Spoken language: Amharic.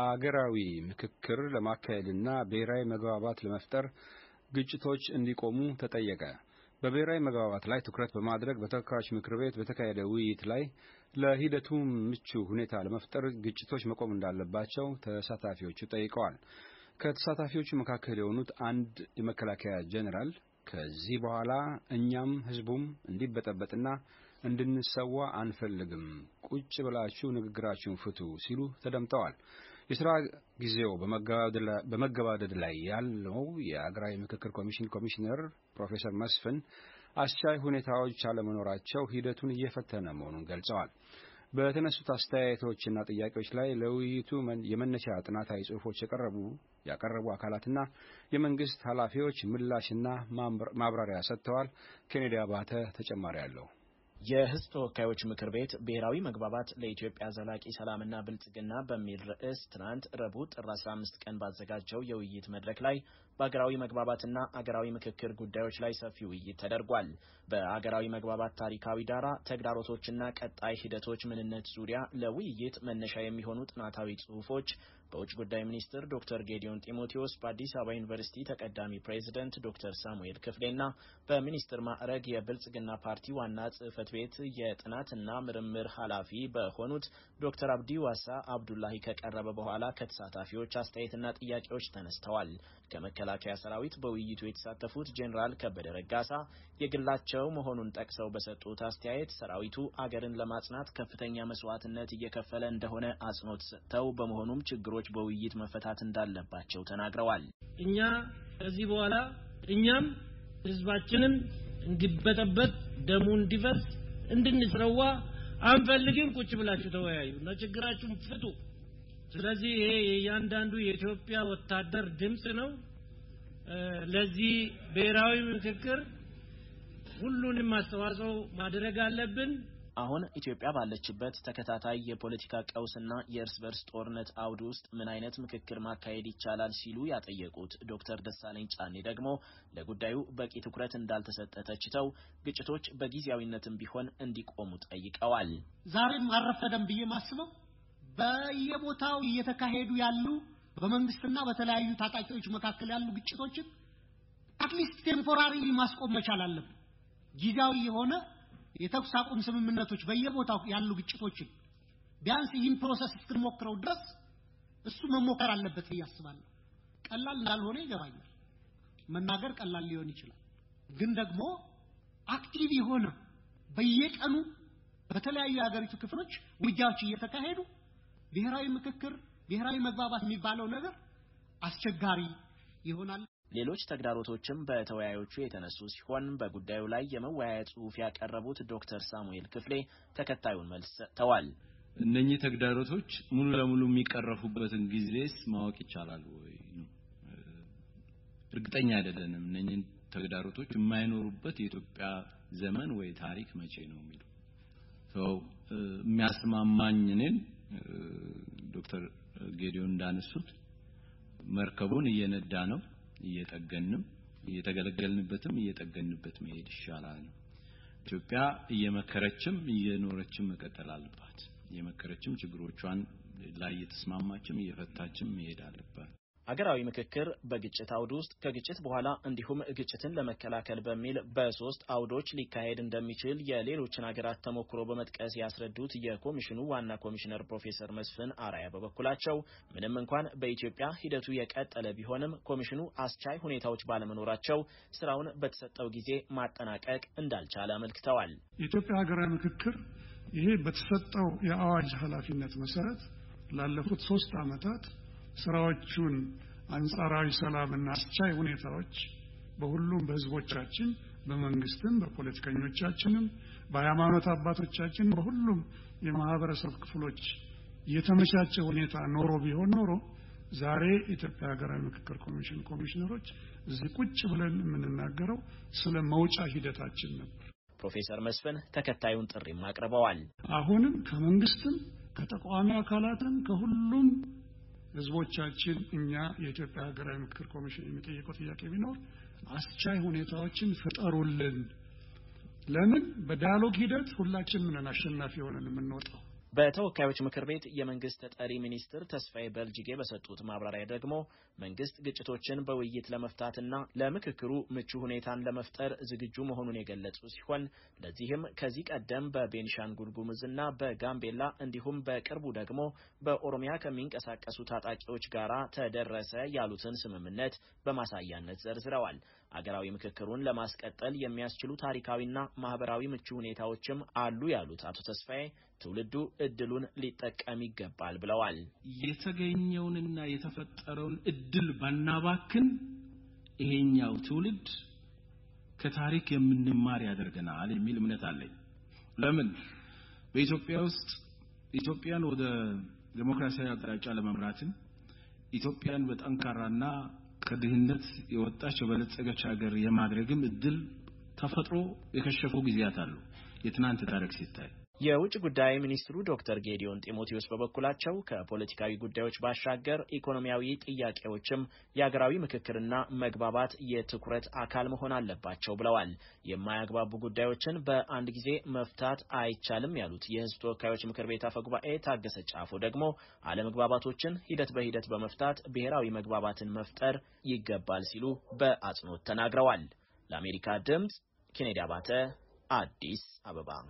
አገራዊ ምክክር ለማካሄድና ብሔራዊ መግባባት ለመፍጠር ግጭቶች እንዲቆሙ ተጠየቀ። በብሔራዊ መግባባት ላይ ትኩረት በማድረግ በተወካዮች ምክር ቤት በተካሄደ ውይይት ላይ ለሂደቱ ምቹ ሁኔታ ለመፍጠር ግጭቶች መቆም እንዳለባቸው ተሳታፊዎቹ ጠይቀዋል። ከተሳታፊዎቹ መካከል የሆኑት አንድ የመከላከያ ጀኔራል ከዚህ በኋላ እኛም ህዝቡም እንዲበጠበጥና እንድንሰዋ አንፈልግም፣ ቁጭ ብላችሁ ንግግራችሁን ፍቱ ሲሉ ተደምጠዋል። የስራ ጊዜው በመገባደድ ላይ ያለው የአገራዊ ምክክር ኮሚሽን ኮሚሽነር ፕሮፌሰር መስፍን አስቻይ ሁኔታዎች አለመኖራቸው ሂደቱን እየፈተነ መሆኑን ገልጸዋል። በተነሱት አስተያየቶችና ጥያቄዎች ላይ ለውይይቱ የመነሻ ጥናታዊ ጽሑፎች ያቀረቡ አካላትና የመንግስት ኃላፊዎች ምላሽና ማብራሪያ ሰጥተዋል። ኬኔዲ አባተ ተጨማሪ አለው። የህዝብ ተወካዮች ምክር ቤት ብሔራዊ መግባባት ለኢትዮጵያ ዘላቂ ሰላምና ብልጽግና በሚል ርዕስ ትናንት ረቡዕ ጥር 15 ቀን ባዘጋጀው የውይይት መድረክ ላይ በአገራዊ መግባባትና አገራዊ ምክክር ጉዳዮች ላይ ሰፊ ውይይት ተደርጓል። በአገራዊ መግባባት ታሪካዊ ዳራ፣ ተግዳሮቶችና ቀጣይ ሂደቶች ምንነት ዙሪያ ለውይይት መነሻ የሚሆኑ ጥናታዊ ጽሑፎች በውጭ ጉዳይ ሚኒስትር ዶክተር ጌዲዮን ጢሞቴዎስ፣ በአዲስ አበባ ዩኒቨርሲቲ ተቀዳሚ ፕሬዝደንት ዶክተር ሳሙኤል ክፍሌና በሚኒስትር ማዕረግ የብልጽግና ፓርቲ ዋና ጽህፈት ቤት የጥናትና ምርምር ኃላፊ በሆኑት ዶክተር አብዲ ዋሳ አብዱላሂ ከቀረበ በኋላ ከተሳታፊዎች አስተያየትና ጥያቄዎች ተነስተዋል። ከመከላከያ ሰራዊት በውይይቱ የተሳተፉት ጄኔራል ከበደ ረጋሳ የግላቸው መሆኑን ጠቅሰው በሰጡት አስተያየት ሰራዊቱ አገርን ለማጽናት ከፍተኛ መስዋዕትነት እየከፈለ እንደሆነ አጽንኦት ሰጥተው በመሆኑም ችግሮች በውይይት መፈታት እንዳለባቸው ተናግረዋል። እኛ ከዚህ በኋላ እኛም ህዝባችንም እንዲበጠበት ደሙ እንዲፈስ እንድንስረዋ አንፈልግም ቁጭ ብላችሁ ተወያዩ እና ችግራችሁን ፍቱ ስለዚህ ይሄ የእያንዳንዱ የኢትዮጵያ ወታደር ድምፅ ነው ለዚህ ብሔራዊ ምክክር ሁሉንም አስተዋጽኦ ማድረግ አለብን አሁን ኢትዮጵያ ባለችበት ተከታታይ የፖለቲካ ቀውስና የእርስ በርስ ጦርነት አውድ ውስጥ ምን አይነት ምክክር ማካሄድ ይቻላል ሲሉ ያጠየቁት ዶክተር ደሳለኝ ጫኔ ደግሞ ለጉዳዩ በቂ ትኩረት እንዳልተሰጠ ተችተው ግጭቶች በጊዜያዊነትም ቢሆን እንዲቆሙ ጠይቀዋል። ዛሬም አረፈደም ብዬ ማስበው በየቦታው እየተካሄዱ ያሉ በመንግስትና በተለያዩ ታጣቂዎች መካከል ያሉ ግጭቶችን አትሊስት ቴምፖራሪ ማስቆም መቻል አለብን። ጊዜያዊ የሆነ የተኩስ አቁም ስምምነቶች በየቦታው ያሉ ግጭቶችን ቢያንስ ይህን ፕሮሰስ እስክንሞክረው ድረስ እሱ መሞከር አለበት ብዬ አስባለሁ። ቀላል እንዳልሆነ ይገባኛል። መናገር ቀላል ሊሆን ይችላል። ግን ደግሞ አክቲቭ የሆነ በየቀኑ በተለያዩ የሀገሪቱ ክፍሎች ውጊያዎች እየተካሄዱ ብሔራዊ ምክክር፣ ብሔራዊ መግባባት የሚባለው ነገር አስቸጋሪ ይሆናል። ሌሎች ተግዳሮቶችም በተወያዮቹ የተነሱ ሲሆን በጉዳዩ ላይ የመወያያ ጽሑፍ ያቀረቡት ዶክተር ሳሙኤል ክፍሌ ተከታዩን መልስ ሰጥተዋል። እነኚህ ተግዳሮቶች ሙሉ ለሙሉ የሚቀረፉበትን ጊዜስ ማወቅ ይቻላል ወይ? እርግጠኛ አይደለንም። እነኚህን ተግዳሮቶች የማይኖሩበት የኢትዮጵያ ዘመን ወይ ታሪክ መቼ ነው የሚለው የሚያስማማኝ እኔን ዶክተር ጌዲዮን እንዳነሱት መርከቡን እየነዳ ነው እየጠገንም እየተገለገልንበትም እየጠገንበት መሄድ ይሻላል ኢትዮጵያ እየመከረችም እየኖረችም መቀጠል አለባት። እየመከረችም ችግሮቿን ላይ እየተስማማችም እየፈታችም መሄድ አለባት። አገራዊ ምክክር በግጭት አውድ ውስጥ ከግጭት በኋላ እንዲሁም ግጭትን ለመከላከል በሚል በሶስት አውዶች ሊካሄድ እንደሚችል የሌሎችን ሀገራት ተሞክሮ በመጥቀስ ያስረዱት የኮሚሽኑ ዋና ኮሚሽነር ፕሮፌሰር መስፍን አራያ በበኩላቸው ምንም እንኳን በኢትዮጵያ ሂደቱ የቀጠለ ቢሆንም ኮሚሽኑ አስቻይ ሁኔታዎች ባለመኖራቸው ስራውን በተሰጠው ጊዜ ማጠናቀቅ እንዳልቻለ አመልክተዋል። የኢትዮጵያ ሀገራዊ ምክክር ይሄ በተሰጠው የአዋጅ ኃላፊነት መሰረት ላለፉት ሶስት ዓመታት ስራዎቹን አንጻራዊ ሰላምና አስቻይ ሁኔታዎች በሁሉም በህዝቦቻችን በመንግስትም በፖለቲከኞቻችንም በሃይማኖት አባቶቻችን በሁሉም የማህበረሰብ ክፍሎች የተመቻቸ ሁኔታ ኖሮ ቢሆን ኖሮ ዛሬ ኢትዮጵያ ሀገራዊ ምክክር ኮሚሽን ኮሚሽነሮች እዚህ ቁጭ ብለን የምንናገረው ስለ መውጫ ሂደታችን ነበር። ፕሮፌሰር መስፍን ተከታዩን ጥሪም አቅርበዋል። አሁንም ከመንግስትም ከተቃዋሚ አካላትም ከሁሉም ህዝቦቻችን እኛ የኢትዮጵያ ሀገራዊ ምክክር ኮሚሽን የሚጠየቀው ጥያቄ ቢኖር አስቻይ ሁኔታዎችን ፍጠሩልን። ለምን በዳያሎግ ሂደት ሁላችንም ነን አሸናፊ የሆነን የምንወጣው። በተወካዮች ምክር ቤት የመንግስት ጠሪ ሚኒስትር ተስፋዬ በልጅጌ በሰጡት ማብራሪያ ደግሞ መንግስት ግጭቶችን በውይይት ለመፍታትና ለምክክሩ ምቹ ሁኔታን ለመፍጠር ዝግጁ መሆኑን የገለጹ ሲሆን ለዚህም ከዚህ ቀደም በቤንሻንጉል ጉሙዝና በጋምቤላ እንዲሁም በቅርቡ ደግሞ በኦሮሚያ ከሚንቀሳቀሱ ታጣቂዎች ጋር ተደረሰ ያሉትን ስምምነት በማሳያነት ዘርዝረዋል። አገራዊ ምክክሩን ለማስቀጠል የሚያስችሉ ታሪካዊና ማህበራዊ ምቹ ሁኔታዎችም አሉ ያሉት አቶ ተስፋዬ ትውልዱ እድሉን ሊጠቀም ይገባል ብለዋል። የተገኘውንና የተፈጠረውን እድል ባናባክን ይሄኛው ትውልድ ከታሪክ የምንማር ያደርገናል የሚል እምነት አለኝ። ለምን በኢትዮጵያ ውስጥ ኢትዮጵያን ወደ ዴሞክራሲያዊ አቅጣጫ ለመምራትም ኢትዮጵያን በጠንካራና ከድህነት የወጣች የበለጸገች ሀገር የማድረግም እድል ተፈጥሮ የከሸፉ ጊዜያት አሉ። የትናንት ታሪክ ሲታይ የውጭ ጉዳይ ሚኒስትሩ ዶክተር ጌዲዮን ጢሞቴዎስ በበኩላቸው ከፖለቲካዊ ጉዳዮች ባሻገር ኢኮኖሚያዊ ጥያቄዎችም የአገራዊ ምክክርና መግባባት የትኩረት አካል መሆን አለባቸው ብለዋል። የማያግባቡ ጉዳዮችን በአንድ ጊዜ መፍታት አይቻልም ያሉት የሕዝብ ተወካዮች ምክር ቤት አፈ ጉባኤ ታገሰ ጫፎ ደግሞ አለመግባባቶችን ሂደት በሂደት በመፍታት ብሔራዊ መግባባትን መፍጠር ይገባል ሲሉ በአጽንኦት ተናግረዋል። ለአሜሪካ ድምፅ ኬኔዲ አባተ አዲስ አበባ